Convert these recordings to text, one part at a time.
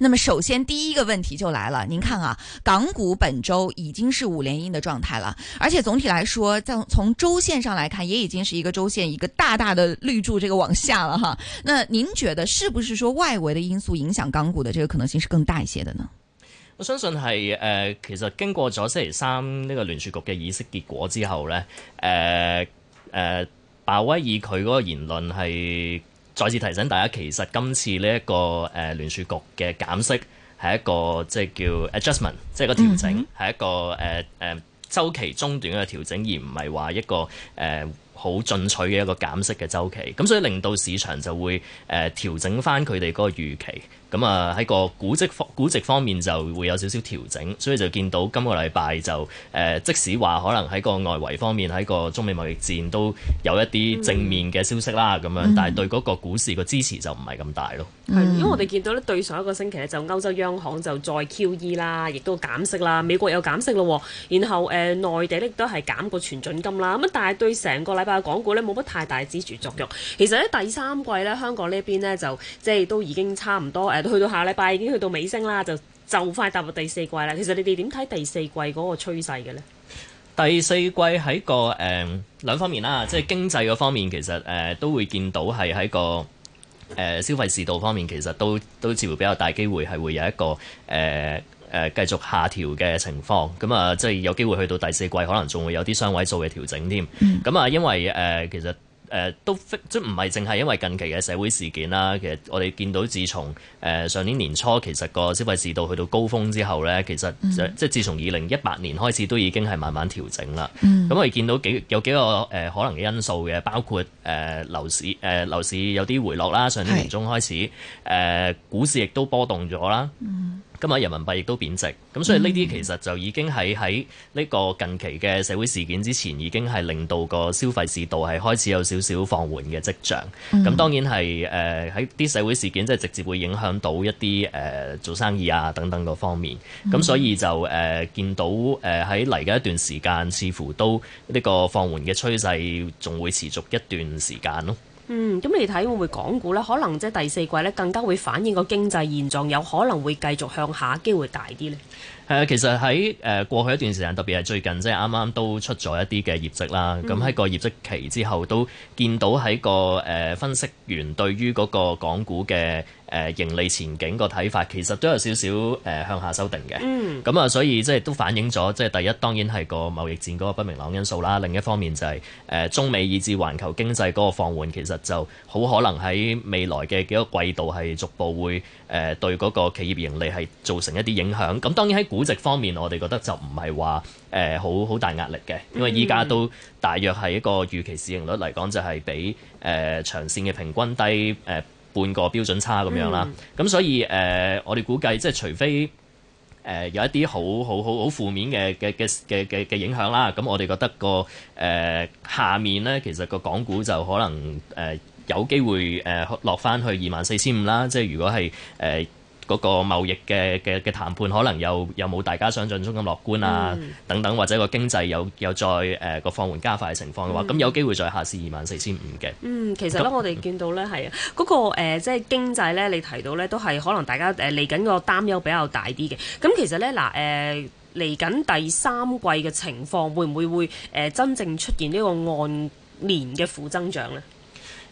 那麼首先第一個問題就來了，您看啊，港股本周已經是五連陰的狀態了，而且總體來說，從從周線上來看，也已經是一個周線一個大大的綠柱，這個往下了哈。那您覺得是不是說外圍的因素影響港股的這個可能性是更大一些的呢？我相信係誒、呃，其實經過咗星期三呢個聯儲局嘅議息結果之後呢，誒、呃、誒、呃、鮑威爾佢嗰個言論係。再次提醒大家，其實今次呢、這、一個誒、呃、聯儲局嘅減息係一個即係叫 adjustment，即係個調整，係、mm hmm. 一個誒誒、呃、週期中短嘅調整，而唔係話一個誒、呃好進取嘅一個減息嘅周期，咁所以令到市場就會誒、呃、調整翻佢哋嗰個預期，咁啊喺個估值估值方面就會有少少調整，所以就見到今個禮拜就誒、呃、即使話可能喺個外圍方面喺個中美貿易戰都有一啲正面嘅消息啦，咁、嗯、樣，但係對嗰個股市個支持就唔係咁大咯。係，因為我哋見到咧，對上一個星期咧就歐洲央行就再 QE 啦，亦都減息啦，美國有減息咯，然後誒、呃、內地亦都係減個存準金啦，咁但係對成個禮拜，港股咧冇乜太大支柱作用。其實喺第三季咧，香港呢邊咧就即係都已經差唔多，誒、呃，去到下禮拜已經去到尾聲啦，就就快踏入第四季啦。其實你哋點睇第四季嗰個趨勢嘅咧？第四季喺個誒兩方面啦，即係經濟嗰方面，方面其實誒、呃、都會見到係喺個誒、呃、消費市道方面，其實都都似乎比較大機會係會有一個誒。呃誒繼續下調嘅情況，咁啊，即係有機會去到第四季，可能仲會有啲雙位數嘅調整添。咁啊、嗯，因為誒、呃、其實誒、呃、都即唔係淨係因為近期嘅社會事件啦。其實我哋見到自從誒、呃、上年年初其實個消費市道去到高峰之後咧，其實、嗯、即係自從二零一八年開始都已經係慢慢調整啦。咁、嗯嗯、我哋見到幾有幾個誒可能嘅因素嘅，包括誒、呃、樓市誒、呃、樓市有啲回落啦，上年年中開始誒是、嗯、股市亦都波動咗啦。嗯今日人民幣亦都貶值，咁所以呢啲其實就已經係喺呢個近期嘅社會事件之前，已經係令到個消費市道係開始有少少放緩嘅跡象。咁當然係誒喺啲社會事件，即係直接會影響到一啲誒做生意啊等等個方面。咁所以就誒見到誒喺嚟嘅一段時間，似乎都呢個放緩嘅趨勢仲會持續一段時間咯。嗯，咁你睇會唔會港股呢？可能即係第四季呢，更加會反映個經濟現狀，有可能會繼續向下，機會大啲呢？係啊，其實喺誒過去一段時間，特別係最近，即係啱啱都出咗一啲嘅業績啦。咁喺、嗯、個業績期之後，都見到喺個誒分析員對於嗰個港股嘅誒盈利前景個睇法，其實都有少少誒向下修定嘅。咁啊、嗯，所以即係都反映咗，即係第一當然係個貿易戰嗰個不明朗因素啦。另一方面就係誒中美以至環球經濟嗰個放緩，其實就好可能喺未來嘅幾個季度係逐步會誒對嗰個企業盈利係造成一啲影響。咁當然喺估值方面，我哋覺得就唔係話誒好好大壓力嘅，因為依家都大約係一個預期市盈率嚟講，就係比誒長線嘅平均低誒、呃、半個標準差咁樣啦。咁、嗯、所以誒、呃，我哋估計即係除非誒、呃、有一啲好好好好負面嘅嘅嘅嘅嘅影響啦，咁我哋覺得、那個誒、呃、下面咧，其實個港股就可能誒、呃、有機會誒、呃、落翻去二萬四千五啦。即係如果係誒。呃嗰個貿易嘅嘅嘅談判可能有又又冇大家想像中咁樂觀啊，嗯、等等或者個經濟有又再誒、呃、個放緩加快嘅情況嘅話，咁、嗯、有機會再下試二萬四千五嘅。嗯，其實咧我哋見到咧係啊，嗰、嗰個、呃、即係經濟咧，你提到咧都係可能大家誒嚟緊個擔憂比較大啲嘅。咁其實咧嗱誒嚟緊第三季嘅情況會唔會會誒、呃、真正出現呢個按年嘅負增長咧？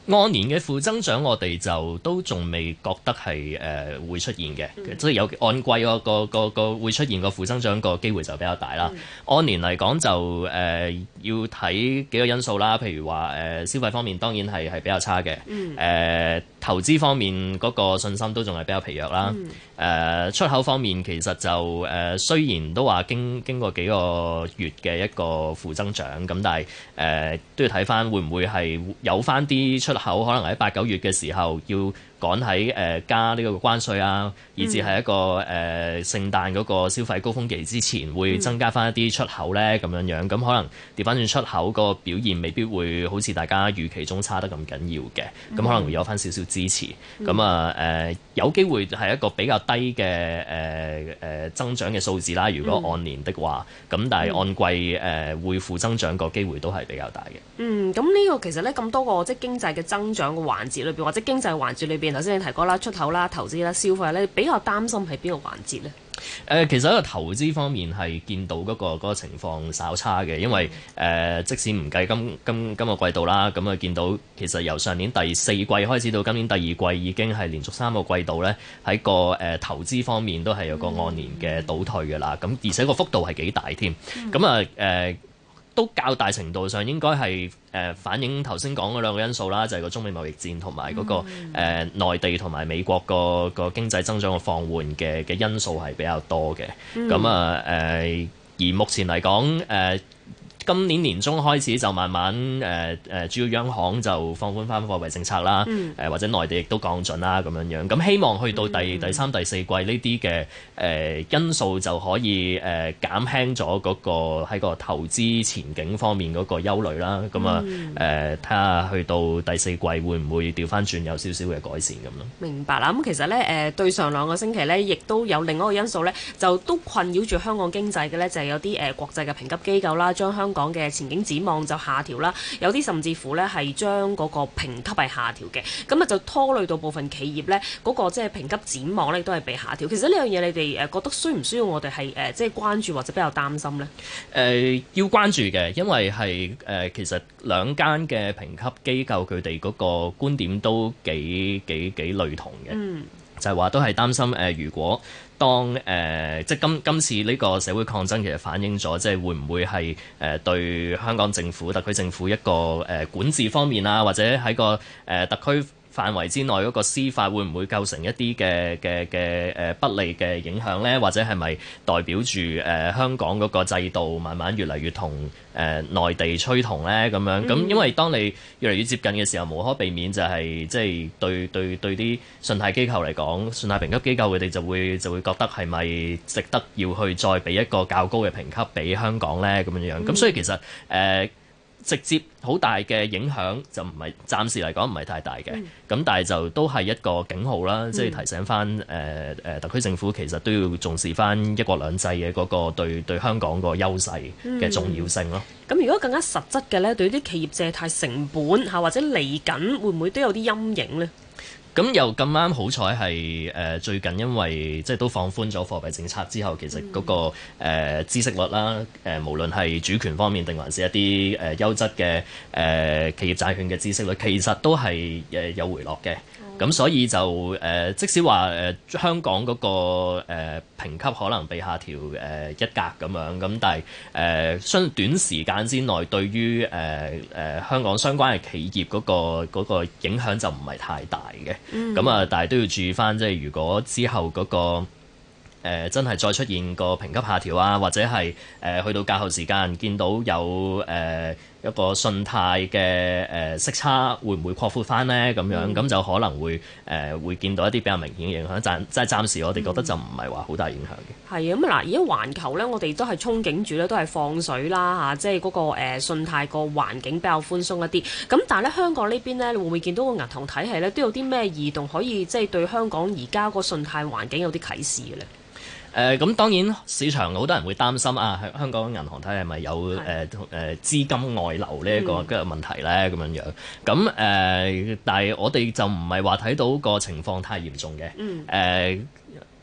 按年嘅負增長，我哋就都仲未覺得係誒、呃、會出現嘅，即係有按季個個個個會出現個負增長個機會就比較大啦。按年嚟講就誒、呃、要睇幾個因素啦，譬如話誒、呃、消費方面當然係係比較差嘅，誒、呃。投資方面嗰個信心都仲係比較疲弱啦。誒、嗯呃、出口方面其實就誒、呃、雖然都話經經過幾個月嘅一個負增長，咁但係誒、呃、都要睇翻會唔會係有翻啲出口，可能喺八九月嘅時候要趕喺誒、呃、加呢個關稅啊，嗯、以至係一個誒、呃、聖誕嗰個消費高峰期之前會增加翻一啲出口咧咁樣樣。咁、嗯嗯、可能調翻轉出口個表現未必會好似大家預期中差得咁緊要嘅，咁可能會有翻少少。嗯嗯支持咁啊，誒、嗯嗯呃、有機會係一個比較低嘅誒誒增長嘅數字啦。如果按年的話，咁、嗯、但係按季誒、呃、會負增長個機會都係比較大嘅。嗯，咁呢個其實咧咁多個即係經濟嘅增長嘅環節裏邊，或者經濟環節裏邊，頭先你提過啦，出口啦、投資啦、消費咧，比較擔心係邊個環節咧？誒、呃，其實喺個投資方面係見到嗰，那個那個情況稍差嘅，因為誒、呃，即使唔計今今今個季度啦，咁啊見到其實由上年第四季開始到今年第二季，已經係連續三個季度咧喺個誒、呃、投資方面都係有個按年嘅倒退㗎喇。咁、嗯嗯、而且個幅度係幾大添。咁啊誒。呃嗯呃都較大程度上應該係誒反映頭先講嗰兩個因素啦，就係、是、個中美貿易戰同埋嗰個誒內、嗯呃、地同埋美國個個經濟增長嘅放緩嘅嘅因素係比較多嘅。咁、嗯、啊誒、呃，而目前嚟講誒。呃今年年中開始就慢慢誒誒、呃，主要央行就放寬翻貨幣政策啦，誒、嗯呃、或者內地亦都降準啦咁樣樣。咁希望去到第第三、第四季呢啲嘅誒因素就可以誒、呃、減輕咗嗰、那個喺個投資前景方面嗰個憂慮啦。咁啊誒睇下去到第四季會唔會調翻轉有少少嘅改善咁咯。明白啦。咁、嗯、其實咧誒、呃、對上兩個星期咧，亦都有另外一個因素咧，就都困擾住香港經濟嘅咧，就係、是、有啲誒國際嘅評級機構啦，將香港講嘅前景展望就下調啦，有啲甚至乎呢係將嗰個評級係下調嘅，咁啊就拖累到部分企業呢，嗰個即係評級展望呢都係被下調。其實呢樣嘢你哋誒覺得需唔需要我哋係誒即係關注或者比較擔心呢？誒、呃，要關注嘅，因為係誒、呃、其實兩間嘅評級機構佢哋嗰個觀點都幾幾幾類同嘅。嗯。就係話都係擔心誒、呃，如果當誒、呃、即係今今次呢個社會抗爭其實反映咗，即係會唔會係誒、呃、對香港政府、特區政府一個誒、呃、管治方面啊，或者喺個誒、呃、特區。範圍之內嗰個司法會唔會構成一啲嘅嘅嘅誒不利嘅影響呢？或者係咪代表住誒、呃、香港嗰個制度慢慢越嚟越同誒內、呃、地趨同呢？咁樣咁，mm hmm. 因為當你越嚟越接近嘅時候，無可避免就係即係對對對啲信貸機構嚟講，信貸評級機構佢哋就會就會覺得係咪值得要去再俾一個較高嘅評級俾香港呢？咁樣樣咁，mm hmm. 所以其實誒、呃直接好大嘅影響就唔係暫時嚟講唔係太大嘅，咁、嗯、但係就都係一個警號啦，即、就、係、是、提醒翻誒誒特區政府其實都要重視翻一國兩制嘅嗰、那個對，對香港個優勢嘅重要性咯。咁、嗯、如果更加實質嘅呢，對啲企業借貸成本嚇或者嚟緊，會唔會都有啲陰影呢？咁又咁啱好彩係誒最近因為即係都放寬咗貨幣政策之後，其實嗰、那個、呃、孳息率啦，誒、呃、無論係主權方面定還是一啲誒優質嘅誒企業債券嘅孳息率，其實都係誒有回落嘅。咁所以就誒、呃，即使話誒、呃、香港嗰、那個誒、呃、評級可能被下調誒、呃、一格咁樣，咁但係誒相短時間之內，對於誒誒、呃呃、香港相關嘅企業嗰、那個那個影響就唔係太大嘅。咁啊、mm hmm.，但係都要注意返，即、就、係、是、如果之後嗰、那個、呃、真係再出現個評級下調啊，或者係誒、呃、去到較後時間見到有誒。呃一個信貸嘅誒息差會唔會擴闊翻呢？咁樣，咁就可能會誒、呃、會見到一啲比較明顯嘅影響，暫即係暫時我哋覺得就唔係話好大影響嘅。係啊，咁、就、嗱、是那個，而家環球咧，我哋都係憧憬住咧，都係放水啦嚇，即係嗰個信貸個環境比較寬鬆一啲。咁但係咧，香港邊呢邊咧，你會唔會見到個銀行體系咧都有啲咩移動可以即係、就是、對香港而家個信貸環境有啲啟示咧？誒咁、呃、當然市場好多人會擔心啊，香港銀行睇係咪有誒誒資金外流呢一個問題咧咁樣樣，咁、呃、誒但係我哋就唔係話睇到個情況太嚴重嘅，誒、嗯呃。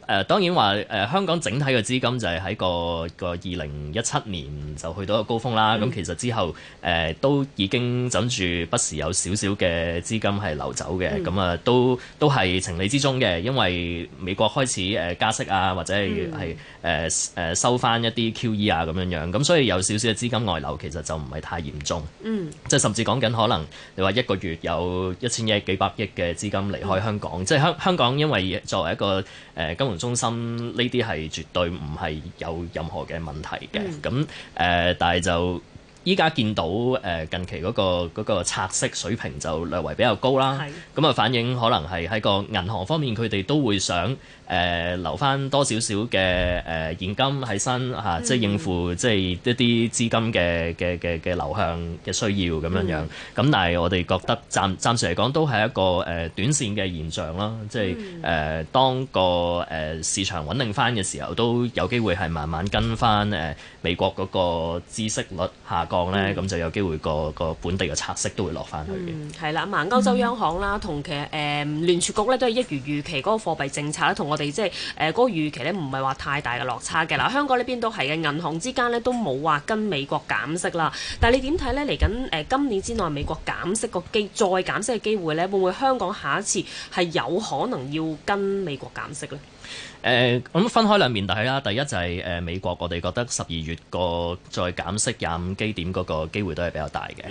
誒、呃、當然話誒、呃、香港整體嘅資金就係喺個個二零一七年就去到個高峰啦，咁、嗯、其實之後誒、呃、都已經枕住不時有少少嘅資金係流走嘅，咁、嗯、啊都都係情理之中嘅，因為美國開始誒、呃、加息啊，或者係誒誒收翻一啲 QE 啊咁樣樣，咁、嗯、所以有少少嘅資金外流其實就唔係太嚴重，嗯，即係甚至講緊可能你話一個月有一千億幾百億嘅資金離開香港，嗯嗯、即係香香港因為作為一個誒金融。中心呢啲係絕對唔係有任何嘅問題嘅，咁誒、嗯呃，但係就。依家見到誒、呃、近期、那個、那個嗰拆息水平就略為比較高啦，咁啊的反映可能係喺個銀行方面佢哋都會想誒、呃、留翻多少少嘅誒、呃、現金喺身吓、啊，即係應付即係一啲資金嘅嘅嘅嘅流向嘅需要咁樣樣，咁、嗯、但係我哋覺得暫暫時嚟講都係一個誒、呃、短線嘅現象啦，即係誒、呃、當個誒、呃、市場穩定翻嘅時候都有機會係慢慢跟翻誒、呃、美國個孳息率下降。咁就有機會個個本地嘅拆息都會落翻去嘅，嗯，係啦、嗯。咁啊，歐洲央行啦，同其實誒聯儲局咧都係一如預期嗰個貨幣政策咧，同我哋即係誒嗰個預期咧，唔係話太大嘅落差嘅。嗱，香港呢邊都係嘅銀行之間咧都冇話跟美國減息啦。但係你點睇咧？嚟緊誒今年之內美國減息個機再減息嘅機會咧，會唔會香港下一次係有可能要跟美國減息咧？誒，咁、嗯呃、分開兩面睇啦。第一就係、是、誒、呃，美國我哋覺得十二月個再減息廿五基點嗰個機會都係比較大嘅。咁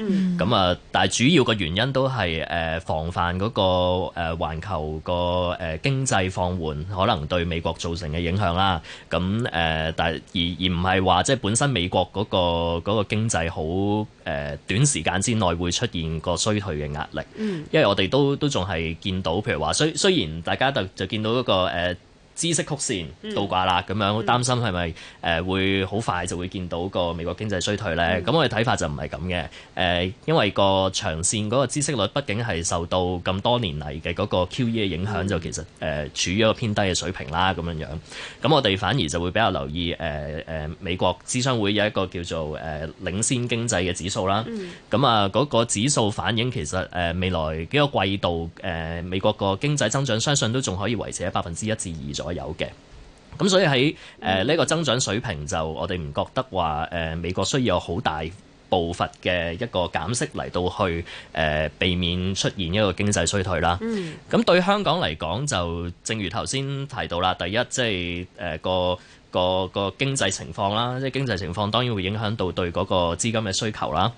啊、嗯嗯，但係主要嘅原因都係誒、呃、防範嗰、那個誒環、呃、球個誒、呃、經濟放緩可能對美國造成嘅影響啦。咁、啊、誒，但、呃、而而唔係話即係本身美國嗰、那個嗰、那個經濟好誒短時間之內會出現個衰退嘅壓力。嗯、因為我哋都都仲係見到，譬如話雖雖然大家就就見到一、那個誒。呃呃呃知識曲線倒掛啦，咁樣擔心係咪誒會好快就會見到個美國經濟衰退呢？咁、嗯、我嘅睇法就唔係咁嘅誒，因為個長線嗰個知識率，畢竟係受到咁多年嚟嘅嗰個 QE 嘅影響，嗯、就其實誒、呃、處於一個偏低嘅水平啦，咁樣樣。咁我哋反而就會比較留意誒誒、呃呃、美國諮商會有一個叫做誒、呃、領先經濟嘅指數啦。咁、嗯、啊，嗰、那個指數反映其實誒、呃、未來幾個季度誒、呃、美國個經濟增長，相信都仲可以維持喺百分之一至二左右左右。有嘅，咁所以喺誒呢個增長水平，就我哋唔覺得話誒、呃、美國需要有好大步伐嘅一個減息嚟到去誒、呃、避免出現一個經濟衰退啦。咁、嗯、對香港嚟講就正如頭先提到啦，第一即係誒個個個經濟情況啦，即係經濟情況當然會影響到對嗰個資金嘅需求啦。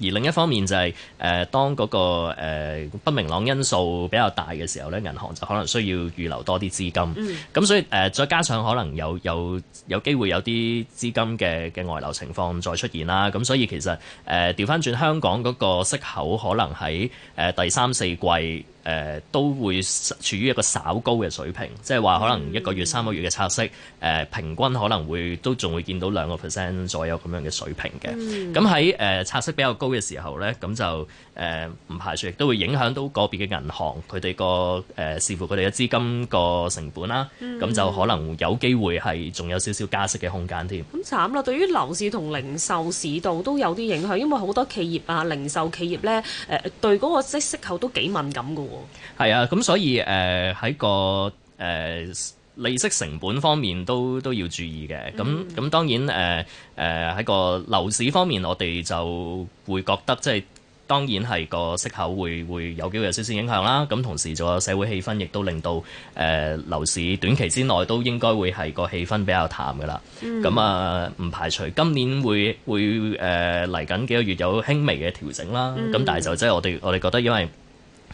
而另一方面就係、是、誒、呃、當嗰、那個、呃、不明朗因素比較大嘅時候咧，銀行就可能需要預留多啲資金。咁所以誒、呃、再加上可能有有有機會有啲資金嘅嘅外流情況再出現啦。咁所以其實誒調返轉香港嗰個息口可能喺誒、呃、第三、四季。誒都會處於一個稍高嘅水平，即係話可能一個月三個月嘅拆息，誒、嗯、平均可能會都仲會見到兩個 percent 左右咁樣嘅水平嘅。咁喺誒拆息比較高嘅時候呢，咁就誒唔排除亦都會影響到個別嘅銀行佢哋個誒視乎佢哋嘅資金個成本啦。咁、嗯、就可能有機會係仲有少少加息嘅空間添。咁、嗯嗯、慘啦！對於樓市同零售市道都有啲影響，因為好多企業啊、零售業企業呢，誒對嗰個息息口都幾敏感㗎喎。係啊，咁所以誒喺、呃、個誒、呃、利息成本方面都都要注意嘅。咁咁、嗯、當然誒誒喺個樓市方面，我哋就會覺得即係當然係個息口會會有機會有少少影響啦。咁同時，仲有社會氣氛亦都令到誒、呃、樓市短期之內都應該會係個氣氛比較淡噶啦。咁、嗯、啊唔排除今年會會誒嚟緊幾個月有輕微嘅調整啦。咁、嗯、但係就即係我哋我哋覺得因為。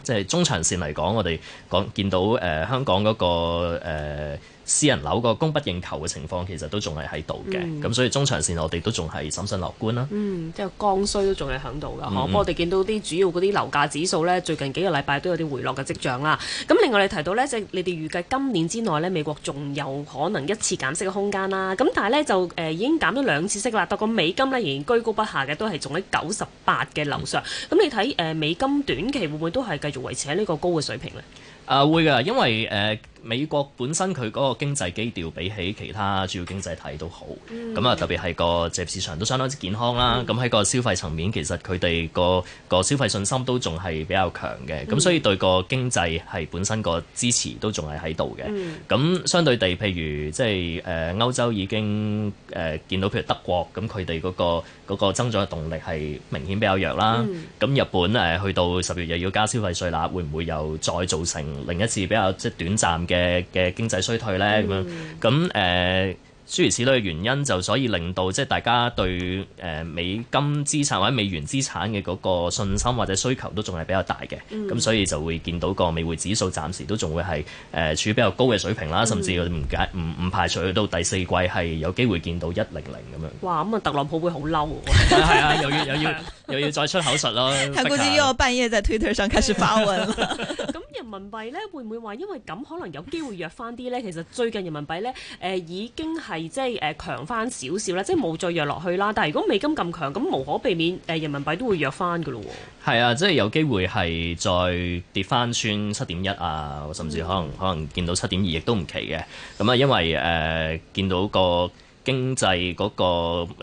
即係中長線嚟講，我哋講見到誒、呃、香港嗰、個誒。呃私人樓個供不應求嘅情況其實都仲係喺度嘅，咁、嗯、所以中長線我哋都仲係審慎樂觀啦、啊。嗯，即、就、係、是、剛需都仲係響度嘅，嗬、嗯。不過我哋見到啲主要嗰啲樓價指數呢，最近幾個禮拜都有啲回落嘅跡象啦。咁另外你提到呢，即、就、係、是、你哋預計今年之內呢，美國仲有可能一次減息嘅空間啦。咁但係呢，就誒、呃、已經減咗兩次息啦，但個美金呢，仍然居高不下嘅，都係仲喺九十八嘅樓上。咁、嗯、你睇誒、呃、美金短期會唔會都係繼續維持喺呢個高嘅水平呢？誒、啊、會㗎，因為誒。呃美國本身佢嗰個經濟基調比起其他主要經濟體都好，咁啊、嗯、特別係個就業市場都相當之健康啦。咁喺、嗯、個消費層面，其實佢哋、那個、那個消費信心都仲係比較強嘅，咁、嗯、所以對個經濟係本身個支持都仲係喺度嘅。咁、嗯、相對地，譬如即係誒歐洲已經誒、呃、見到譬如德國，咁佢哋嗰個嗰、那個增長嘅動力係明顯比較弱啦。咁、嗯、日本誒、呃、去到十月又要加消費稅啦，會唔會又再造成另一次比較即係短暫嘅？嘅嘅經濟衰退咧咁、嗯、樣，咁、呃、誒諸如此類嘅原因，就所以令到即係大家對誒美金資產或者美元資產嘅嗰個信心或者需求都仲係比較大嘅，咁、嗯、所以就會見到個美匯指數暫時都仲會係誒處於比較高嘅水平啦，甚至唔解唔唔、嗯、排除去到第四季係有機會見到一零零咁樣。哇！咁啊，特朗普會好嬲啊！啊， 又要又要又要,又要再出口術咯。佢 估計又要半夜在推特上開始發文了。 人民幣咧會唔會話因為咁可能有機會弱翻啲咧？其實最近人民幣咧誒、呃、已經係即係誒強翻少少啦，即係冇再弱落去啦。但係如果美金咁強，咁無可避免誒人民幣都會弱翻嘅咯。係 啊、嗯，即係有機會係再跌翻穿七點一啊，甚至可能可能見到七點二亦都唔奇嘅。咁啊，因為誒、呃、見到個經濟嗰、那個、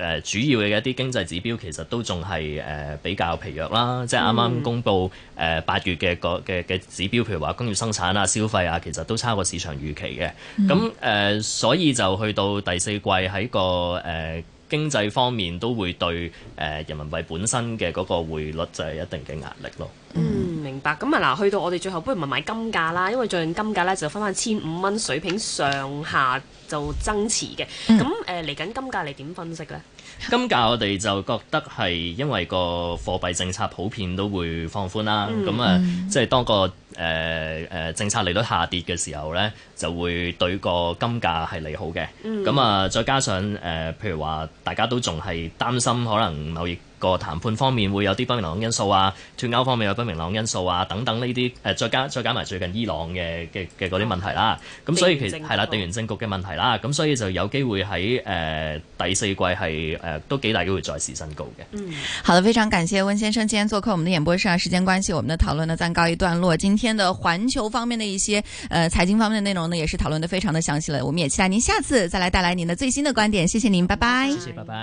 呃、主要嘅一啲經濟指標，其實都仲係誒比較疲弱啦，即係啱啱公布誒、呃、八月嘅個嘅嘅指標，譬如話工業生產啊、消費啊，其實都差過市場預期嘅。咁誒、嗯呃，所以就去到第四季喺個誒、呃、經濟方面都會對誒、呃、人民幣本身嘅嗰個匯率就係一定嘅壓力咯。嗯。明白。咁啊，嗱，去到我哋最後，不如問問金價啦，因為最近金價咧就返返千五蚊水平上下就增持嘅。咁誒、嗯，嚟緊、呃、金價你點分析呢？金價我哋就覺得係因為個貨幣政策普遍都會放寬啦，咁、嗯、啊，即係當個誒誒、呃、政策利率下跌嘅時候咧，就會對個金價係利好嘅。咁、嗯、啊，再加上誒、呃，譬如話大家都仲係擔心可能某個談判方面會有啲不明朗因素啊，脫歐方面有不明朗因素啊，等等呢啲誒，再加再加埋最近伊朗嘅嘅嘅嗰啲問題啦。咁、啊、所以其實係啦，地緣政局嘅問題啦，咁所以就有機會喺誒、呃、第四季係。誒，都幾大機會再試新高嘅。嗯，好的，非常感謝溫先生今天做客我們的演播室啊。時間關係，我們的討論呢暫告一段落。今天的環球方面的一些，誒、呃，財經方面的內容呢，也是討論得非常的詳細啦。我們也期待您下次再來帶來您的最新的觀點。謝謝您，拜拜。謝謝，拜拜。